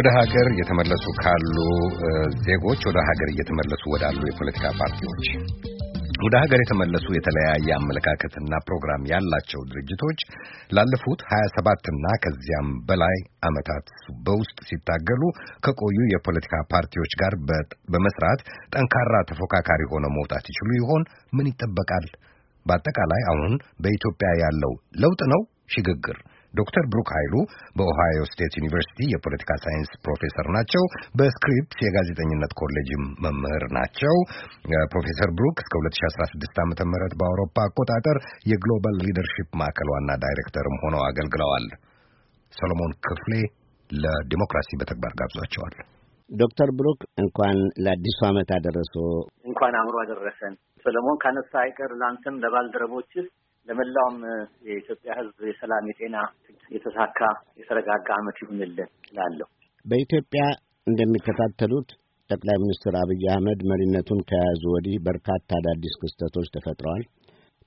ወደ ሀገር የተመለሱ ካሉ ዜጎች ወደ ሀገር እየተመለሱ ወዳሉ የፖለቲካ ፓርቲዎች ወደ ሀገር የተመለሱ የተለያየ አመለካከትና ፕሮግራም ያላቸው ድርጅቶች ላለፉት ሀያ ሰባትና ከዚያም በላይ ዓመታት በውስጥ ሲታገሉ ከቆዩ የፖለቲካ ፓርቲዎች ጋር በመስራት ጠንካራ ተፎካካሪ ሆነው መውጣት ይችሉ ይሆን? ምን ይጠበቃል? በአጠቃላይ አሁን በኢትዮጵያ ያለው ለውጥ ነው ሽግግር ዶክተር ብሩክ ኃይሉ በኦሃዮ ስቴት ዩኒቨርሲቲ የፖለቲካ ሳይንስ ፕሮፌሰር ናቸው። በስክሪፕስ የጋዜጠኝነት ኮሌጅ መምህር ናቸው። ፕሮፌሰር ብሩክ እስከ 2016 ዓ ም በአውሮፓ አቆጣጠር የግሎባል ሊደርሺፕ ማዕከል ዋና ዳይሬክተርም ሆነው አገልግለዋል። ሰሎሞን ክፍሌ ለዲሞክራሲ በተግባር ጋብዟቸዋል። ዶክተር ብሩክ እንኳን ለአዲሱ ዓመት አደረሶ። እንኳን አብሮ አደረሰን። ሰለሞን ካነሳ አይቀር ለአንተም ለባልደረቦችህ ለመላውም የኢትዮጵያ ሕዝብ የሰላም፣ የጤና፣ የተሳካ የተረጋጋ ዓመት ይሁንልን እላለሁ። በኢትዮጵያ እንደሚከታተሉት ጠቅላይ ሚኒስትር አብይ አህመድ መሪነቱን ከያዙ ወዲህ በርካታ አዳዲስ ክስተቶች ተፈጥረዋል።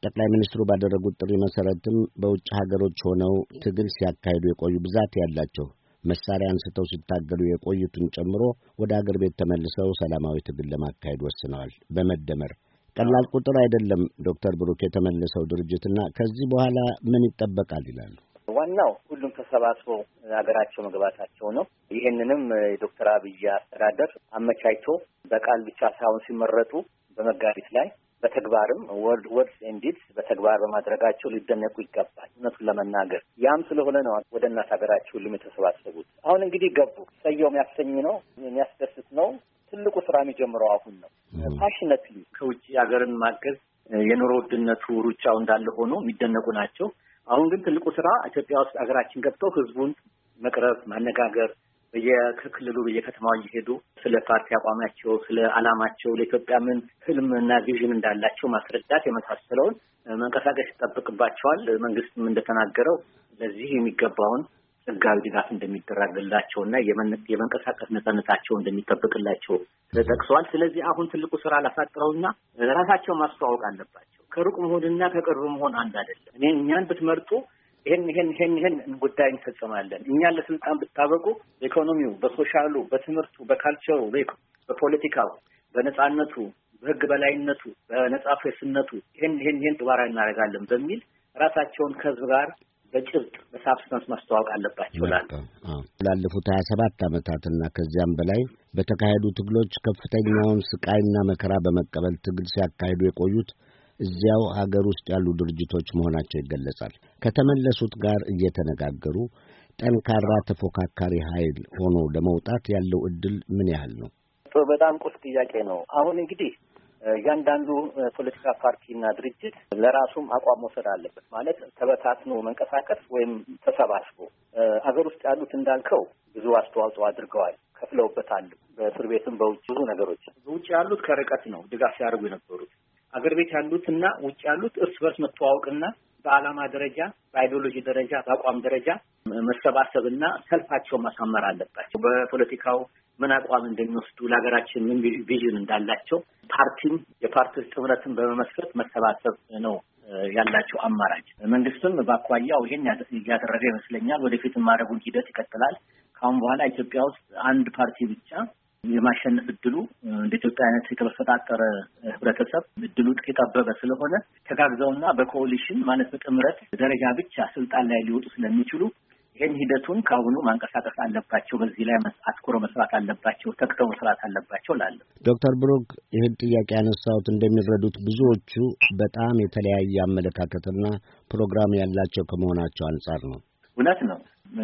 ጠቅላይ ሚኒስትሩ ባደረጉት ጥሪ መሰረትም በውጭ ሀገሮች ሆነው ትግል ሲያካሂዱ የቆዩ ብዛት ያላቸው መሳሪያ አንስተው ሲታገሉ የቆዩትን ጨምሮ ወደ አገር ቤት ተመልሰው ሰላማዊ ትግል ለማካሄድ ወስነዋል። በመደመር ቀላል ቁጥር አይደለም ዶክተር ብሩክ የተመለሰው ድርጅትና ከዚህ በኋላ ምን ይጠበቃል ይላሉ? ዋናው ሁሉም ተሰባስቦ ሀገራቸው መግባታቸው ነው። ይህንንም የዶክተር አብይ አስተዳደር አመቻችቶ በቃል ብቻ ሳይሆን ሲመረጡ በመጋቢት ላይ በተግባርም ወርድ ወርድ እንዲት በተግባር በማድረጋቸው ሊደነቁ ይገባል። እውነቱን ለመናገር ያም ስለሆነ ነው ወደ እናት ሀገራቸው ሁሉም የተሰባሰቡት። አሁን እንግዲህ ገቡ። ሰየው የሚያሰኝ ነው፣ የሚያስደስት ነው። ስራ የሚጀምረው አሁን ነው። ፓሽነት ከውጭ ሀገርን ማገዝ የኑሮ ውድነቱ ሩጫው እንዳለ ሆኖ የሚደነቁ ናቸው። አሁን ግን ትልቁ ስራ ኢትዮጵያ ውስጥ ሀገራችን ገብተው ህዝቡን መቅረብ፣ ማነጋገር በየክልሉ በየከተማው እየሄዱ ስለ ፓርቲ አቋማቸው፣ ስለ አላማቸው፣ ለኢትዮጵያ ምን ህልም እና ቪዥን እንዳላቸው ማስረዳት የመሳሰለውን መንቀሳቀስ ይጠብቅባቸዋል መንግስትም እንደተናገረው ለዚህ የሚገባውን ህጋዊ ድጋፍ እንደሚደረግላቸውና የመንቀሳቀስ ነጻነታቸው እንደሚጠበቅላቸው ተጠቅሰዋል። ስለዚህ አሁን ትልቁ ስራ ላሳጥረውና ራሳቸው ማስተዋወቅ አለባቸው። ከሩቅ መሆንና ከቅርብ መሆን አንድ አይደለም። እኔ እኛን ብትመርጡ ይህን ይህን ይህን ይህን ጉዳይ እንፈጽማለን፣ እኛን ለስልጣን ብታበቁ በኢኮኖሚው፣ በሶሻሉ፣ በትምህርቱ፣ በካልቸሩ፣ በፖለቲካው፣ በነጻነቱ፣ በህግ በላይነቱ፣ በነጻ ፕሬስነቱ ይህን ይህን ይህን ጥባራ እናደርጋለን በሚል ራሳቸውን ከህዝብ ጋር በጭብጥ በሳብስታንስ ማስተዋወቅ አለባቸው ላል ላለፉት ሀያ ሰባት ዓመታትና ከዚያም በላይ በተካሄዱ ትግሎች ከፍተኛውን ስቃይና መከራ በመቀበል ትግል ሲያካሂዱ የቆዩት እዚያው ሀገር ውስጥ ያሉ ድርጅቶች መሆናቸው ይገለጻል። ከተመለሱት ጋር እየተነጋገሩ ጠንካራ ተፎካካሪ ኃይል ሆኖ ለመውጣት ያለው እድል ምን ያህል ነው? በጣም ቁልፍ ጥያቄ ነው። አሁን እንግዲህ እያንዳንዱ ፖለቲካ ፓርቲና ድርጅት ለራሱም አቋም መውሰድ አለበት። ማለት ተበታትኖ መንቀሳቀስ ወይም ተሰባስቦ አገር ውስጥ ያሉት እንዳልከው ብዙ አስተዋጽኦ አድርገዋል፣ ከፍለውበታል። በእስር ቤትም በውጭ ብዙ ነገሮች በውጭ ያሉት ከርቀት ነው ድጋፍ ሲያደርጉ የነበሩት አገር ቤት ያሉትና ውጭ ያሉት እርስ በርስ መተዋወቅና በዓላማ ደረጃ በአይዲዮሎጂ ደረጃ በአቋም ደረጃ መሰባሰብና ሰልፋቸው ማሳመር አለባቸው። በፖለቲካው ምን አቋም እንደሚወስዱ ለሀገራችን ምን ቪዥን እንዳላቸው ፓርቲም የፓርቲዎች ጥምረትን በመመስረት መሰባሰብ ነው ያላቸው አማራጭ። መንግስትም በአኳያው ይሄን እያደረገ ይመስለኛል። ወደፊት ማድረጉን ሂደት ይቀጥላል። ከአሁን በኋላ ኢትዮጵያ ውስጥ አንድ ፓርቲ ብቻ የማሸነፍ እድሉ እንደ ኢትዮጵያ አይነት የተበፈጣጠረ ህብረተሰብ እድሉ የጠበበ ስለሆነ ተጋግዘውና በኮሊሽን ማለት በጥምረት ደረጃ ብቻ ስልጣን ላይ ሊወጡ ስለሚችሉ የቅኝ ሂደቱን ከአሁኑ ማንቀሳቀስ አለባቸው። በዚህ ላይ አትኩሮ መስራት አለባቸው፣ ተግተው መስራት አለባቸው ላለ ዶክተር ብሩክ ይህን ጥያቄ ያነሳሁት እንደሚረዱት ብዙዎቹ በጣም የተለያየ አመለካከትና ፕሮግራም ያላቸው ከመሆናቸው አንጻር ነው። እውነት ነው።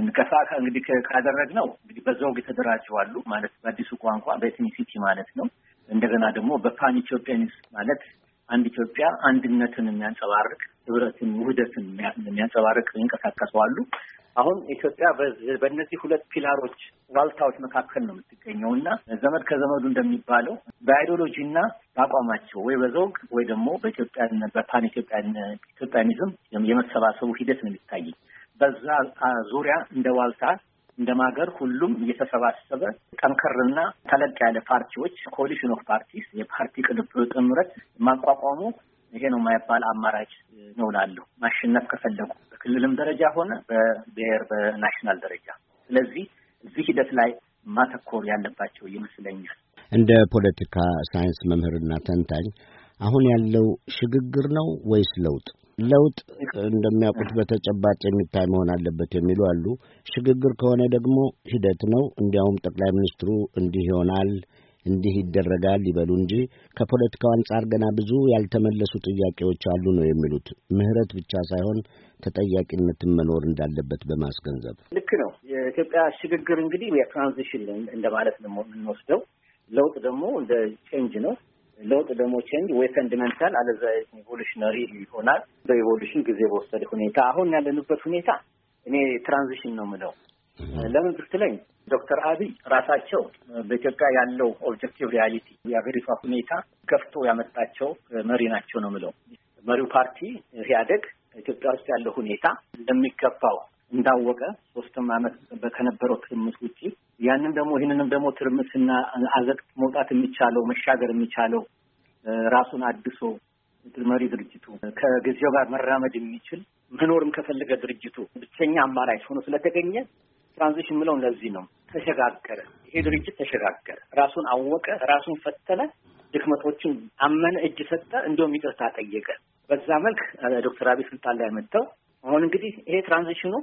ንቀፋ እንግዲህ ካደረግ ነው እንግዲህ በዘውግ የተደራጁ አሉ ማለት በአዲሱ ቋንቋ በኤትኒሲቲ ማለት ነው። እንደገና ደግሞ በፓን ኢትዮጵያኒስ ማለት አንድ ኢትዮጵያ አንድነትን የሚያንጸባርቅ ህብረትን፣ ውህደትን የሚያንጸባርቅ ይንቀሳቀሰዋሉ። አሁን ኢትዮጵያ በእነዚህ ሁለት ፒላሮች ዋልታዎች መካከል ነው የምትገኘው እና ዘመድ ከዘመዱ እንደሚባለው በአይዲዮሎጂ እና በአቋማቸው ወይ በዘውግ ወይ ደግሞ በኢትዮጵያን በፓን ኢትዮጵያኒዝም የመሰባሰቡ ሂደት ነው የሚታየኝ። በዛ ዙሪያ እንደ ዋልታ እንደ ማገር ሁሉም እየተሰባሰበ ጠንከርና ተለቅ ያለ ፓርቲዎች ኮሊሽን ኦፍ ፓርቲስ የፓርቲ ቅንብ ጥምረት ማቋቋሙ ይሄ ነው የማይባል አማራጭ ነው ላለሁ ማሸነፍ ከፈለጉ በክልልም ደረጃ ሆነ በብሔር በናሽናል ደረጃ። ስለዚህ እዚህ ሂደት ላይ ማተኮር ያለባቸው ይመስለኛል። እንደ ፖለቲካ ሳይንስ መምህርና ተንታኝ አሁን ያለው ሽግግር ነው ወይስ ለውጥ? ለውጥ እንደሚያውቁት በተጨባጭ የሚታይ መሆን አለበት የሚሉ አሉ። ሽግግር ከሆነ ደግሞ ሂደት ነው። እንዲያውም ጠቅላይ ሚኒስትሩ እንዲህ ይሆናል እንዲህ ይደረጋል ይበሉ እንጂ ከፖለቲካው አንጻር ገና ብዙ ያልተመለሱ ጥያቄዎች አሉ ነው የሚሉት። ምህረት ብቻ ሳይሆን ተጠያቂነትን መኖር እንዳለበት በማስገንዘብ ልክ ነው። የኢትዮጵያ ሽግግር እንግዲህ የትራንዚሽን እንደማለት ነው የምንወስደው። ለውጥ ደግሞ እንደ ቼንጅ ነው። ለውጥ ደግሞ ቼንጅ ወይ ፈንድመንታል አለዛ ኢቮሉሽነሪ ይሆናል። በኢቮሉሽን ጊዜ በወሰደ ሁኔታ አሁን ያለንበት ሁኔታ እኔ ትራንዚሽን ነው ምለው ለምን ብትለኝ ዶክተር አብይ ራሳቸው በኢትዮጵያ ያለው ኦብጀክቲቭ ሪያሊቲ የሀገሪቷ ሁኔታ ገፍቶ ያመጣቸው መሪ ናቸው ነው ምለው። መሪው ፓርቲ ሲያደግ ኢትዮጵያ ውስጥ ያለው ሁኔታ እንደሚገባው እንዳወቀ ሶስትም አመት በከነበረው ትርምስ ውጪ ያንን ደግሞ ይህንንም ደግሞ ትርምስና አዘቅት መውጣት የሚቻለው መሻገር የሚቻለው ራሱን አድሶ መሪ ድርጅቱ ከጊዜው ጋር መራመድ የሚችል መኖርም ከፈለገ ድርጅቱ ብቸኛ አማራጭ ሆኖ ስለተገኘ ትራንዚሽን የምለው ለዚህ ነው። ተሸጋገረ። ይሄ ድርጅት ተሸጋገረ፣ ራሱን አወቀ፣ ራሱን ፈተነ፣ ድክመቶችን አመነ፣ እጅ ሰጠ፣ እንደውም ይቅርታ ጠየቀ። በዛ መልክ ዶክተር አብይ ስልጣን ላይ መጥተው አሁን እንግዲህ ይሄ ትራንዚሽኑ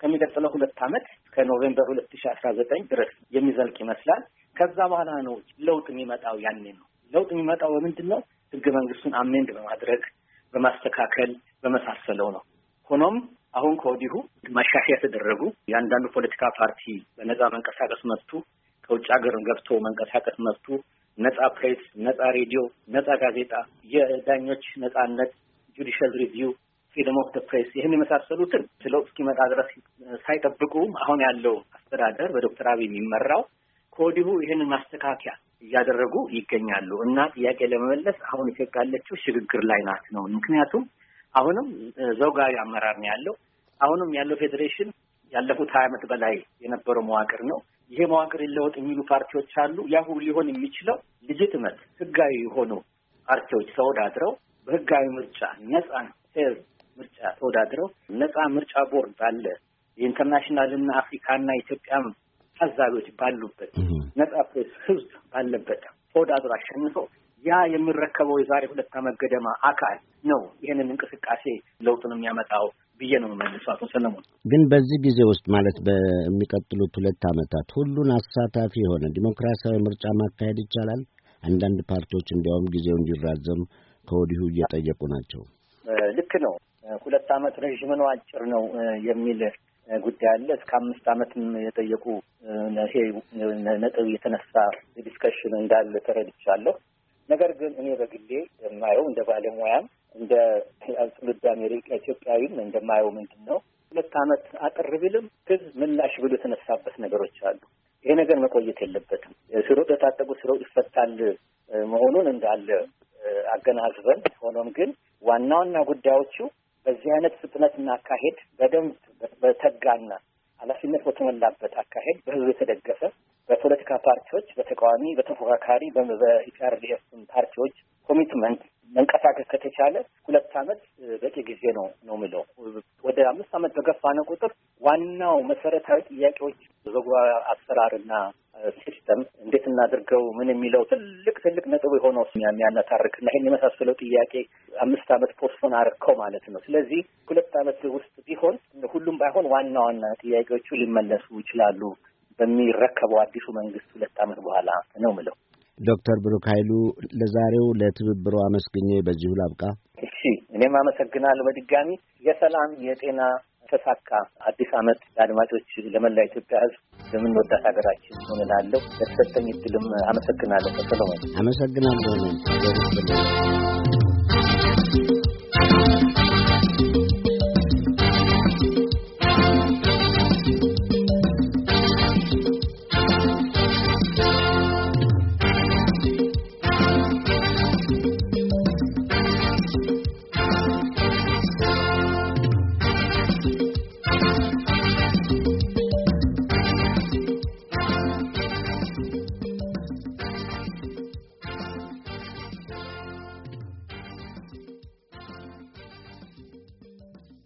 ከሚቀጥለው ሁለት ዓመት ከኖቬምበር ሁለት ሺ አስራ ዘጠኝ ድረስ የሚዘልቅ ይመስላል። ከዛ በኋላ ነው ለውጥ የሚመጣው። ያኔ ነው ለውጥ የሚመጣው። በምንድን ነው? ህገ መንግስቱን አሜንድ በማድረግ በማስተካከል በመሳሰለው ነው። ሆኖም አሁን ከወዲሁ ማሻሻያ የተደረጉ የአንዳንዱ ፖለቲካ ፓርቲ በነጻ መንቀሳቀስ መብቱ፣ ከውጭ ሀገር ገብቶ መንቀሳቀስ መብቱ፣ ነጻ ፕሬስ፣ ነጻ ሬዲዮ፣ ነጻ ጋዜጣ፣ የዳኞች ነጻነት፣ ጁዲሻል ሪቪው፣ ፍሪደም ኦፍ ፕሬስ ይህን የመሳሰሉትን ስለው እስኪመጣ ድረስ ሳይጠብቁ አሁን ያለው አስተዳደር በዶክተር አብይ የሚመራው ከወዲሁ ይህንን ማስተካከያ እያደረጉ ይገኛሉ እና ጥያቄ ለመመለስ አሁን ኢትዮጵያ ያለችው ሽግግር ላይ ናት ነው። ምክንያቱም አሁንም ዘውጋዊ አመራር ነው ያለው። አሁንም ያለው ፌዴሬሽን ያለፉት ሀያ ዓመት በላይ የነበረው መዋቅር ነው። ይሄ መዋቅር ይለወጥ የሚሉ ፓርቲዎች አሉ። ያሁ ሊሆን የሚችለው ልጅትመት ህጋዊ የሆኑ ፓርቲዎች ተወዳድረው በህጋዊ ምርጫ ነጻ ፌር ምርጫ ተወዳድረው ነጻ ምርጫ ቦርድ ባለ የኢንተርናሽናልና አፍሪካና ኢትዮጵያ ታዛቢዎች ባሉበት ነጻ ፕሬስ ህዝብ ባለበት ተወዳድሮ አሸንፈው ያ የሚረከበው የዛሬ ሁለት ዓመት ገደማ አካል ነው። ይህንን እንቅስቃሴ ለውጡን የሚያመጣው ብዬ ነው የምመልሰው። አቶ ሰለሞን ግን በዚህ ጊዜ ውስጥ ማለት በሚቀጥሉት ሁለት አመታት ሁሉን አሳታፊ የሆነ ዲሞክራሲያዊ ምርጫ ማካሄድ ይቻላል? አንዳንድ ፓርቲዎች እንዲያውም ጊዜው እንዲራዘም ከወዲሁ እየጠየቁ ናቸው። ልክ ነው። ሁለት ዓመት ረዥም ነው አጭር ነው የሚል ጉዳይ አለ። እስከ አምስት አመትም የጠየቁ ይሄ ነጥብ የተነሳ ዲስከሽን እንዳለ ተረድቻለሁ። ነገር ግን እኔ በግሌ የማየው እንደ ባለሙያም እንደ ትውልደ አሜሪካ ኢትዮጵያዊም እንደማየው ምንድን ነው ሁለት ዓመት አጥር ቢልም ህዝብ ምላሽ ብሎ የተነሳበት ነገሮች አሉ። ይሄ ነገር መቆየት የለበትም። ስሮ የታጠቁት ስሮ ይፈታል መሆኑን እንዳለ አገናዝበን፣ ሆኖም ግን ዋና ዋና ጉዳዮቹ በዚህ አይነት ፍጥነትና አካሄድ በደንብ በተጋና ኃላፊነት በተሞላበት አካሄድ በህዝብ የተደገፈ በፖለቲካ ፓርቲዎች፣ በተቃዋሚ፣ በተፎካካሪ በኢፒአርዲኤፍ ፓርቲዎች ኮሚትመንት መንቀሳቀስ ከተቻለ ሁለት ዓመት በቂ ጊዜ ነው ነው የምለው። ወደ አምስት ዓመት በገፋነ ቁጥር ዋናው መሰረታዊ ጥያቄዎች በጉባ አሰራርና ሲስተም እንዴት እናድርገው ምን የሚለው ትልቅ ትልቅ ነጥብ የሆነው የሚያነታርክ እና ይህን የመሳሰለው ጥያቄ አምስት ዓመት ፖስፖን አርከው ማለት ነው። ስለዚህ ሁለት ዓመት ውስጥ ቢሆን ሁሉም ባይሆን ዋና ዋና ጥያቄዎቹ ሊመለሱ ይችላሉ በሚረከበው አዲሱ መንግስት ሁለት ዓመት በኋላ ነው ምለው። ዶክተር ብሩክ ኃይሉ ለዛሬው ለትብብሮ አመስግኜ በዚሁ ላብቃ። እሺ፣ እኔም አመሰግናለሁ በድጋሚ የሰላም የጤና ተሳካ አዲስ ዓመት ለአድማጮች ለመላ ኢትዮጵያ ሕዝብ የምንወዳት ሀገራችን ሆንላለሁ። ለተሰጠኝ እድልም አመሰግናለሁ። ሰለሞን አመሰግናለሁ።